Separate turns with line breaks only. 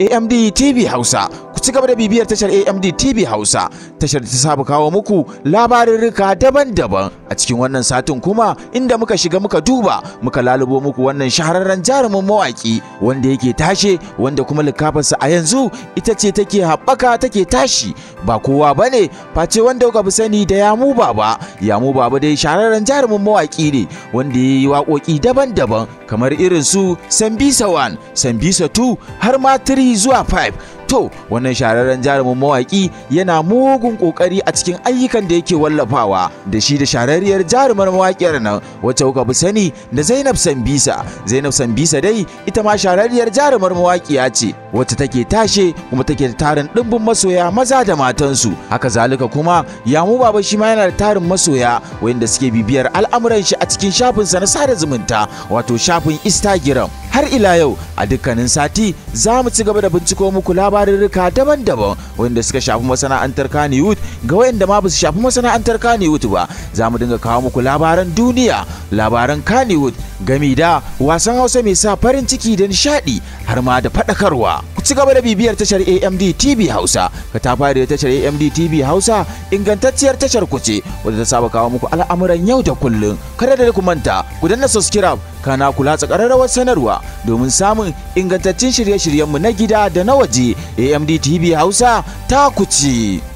AMD TV Hausa ci gaba da bibiyar tashar AMD TV Hausa tashar da ta saba kawo muku labarurruka daban-daban a cikin wannan satin kuma inda muka shiga muka duba muka lalubo muku wannan shahararren jarumin mawaki wanda yake tashe wanda kuma likafarsa a yanzu ita ce take haɓaka take tashi ba kowa bane face wanda kuka fi sani da Yamu Baba Yamu Baba dai shahararren jarumin mawaki ne wanda ya yi waƙoƙi daban-daban kamar irin su Sambisa 1 Sambisa 2 har ma 3 zuwa 5 to wannan shahararren jarumin mawaki yana mugun kokari a cikin ayyukan da yake wallafawa da shi da shahararriyar jarumar mawakiyar nan wacce kuka fi sani da Zainab Sambisa Zainab Sambisa dai ita ma shahararriyar jarumar mawakiya ce wacce take tashe kuma take da tarin dimbin masoya maza da matansu haka zalika kuma yamu baba shi ma yana da tarin masoya wayanda suke bibiyar al'amuran shi a cikin shafinsa na sada zumunta wato shafin Instagram har ila yau a dukkanin sati za mu ci gaba da binciko muku labarurruka daban-daban wanda suka shafi masana'antar kaniwut ga wayanda ma ba su shafi masana'antar kaniwut ba za mu dinga kawo muku labaran duniya labaran Kannywood gami da wasan Hausa mai sa farin ciki da nishaɗi har ma da faɗakarwa. ci gaba da bibiyar tashar AMD TV Hausa ka ta fara tashar AMD TV Hausa ingantacciyar tashar ku ce wadda ta saba kawo muku al'amuran yau da kullun kada da ku manta ku danna subscribe kana kula tsakararrawar sanarwa domin samun ingantaccen shirye-shiryenmu na gida da na waje AMD TV Hausa ta ku ci.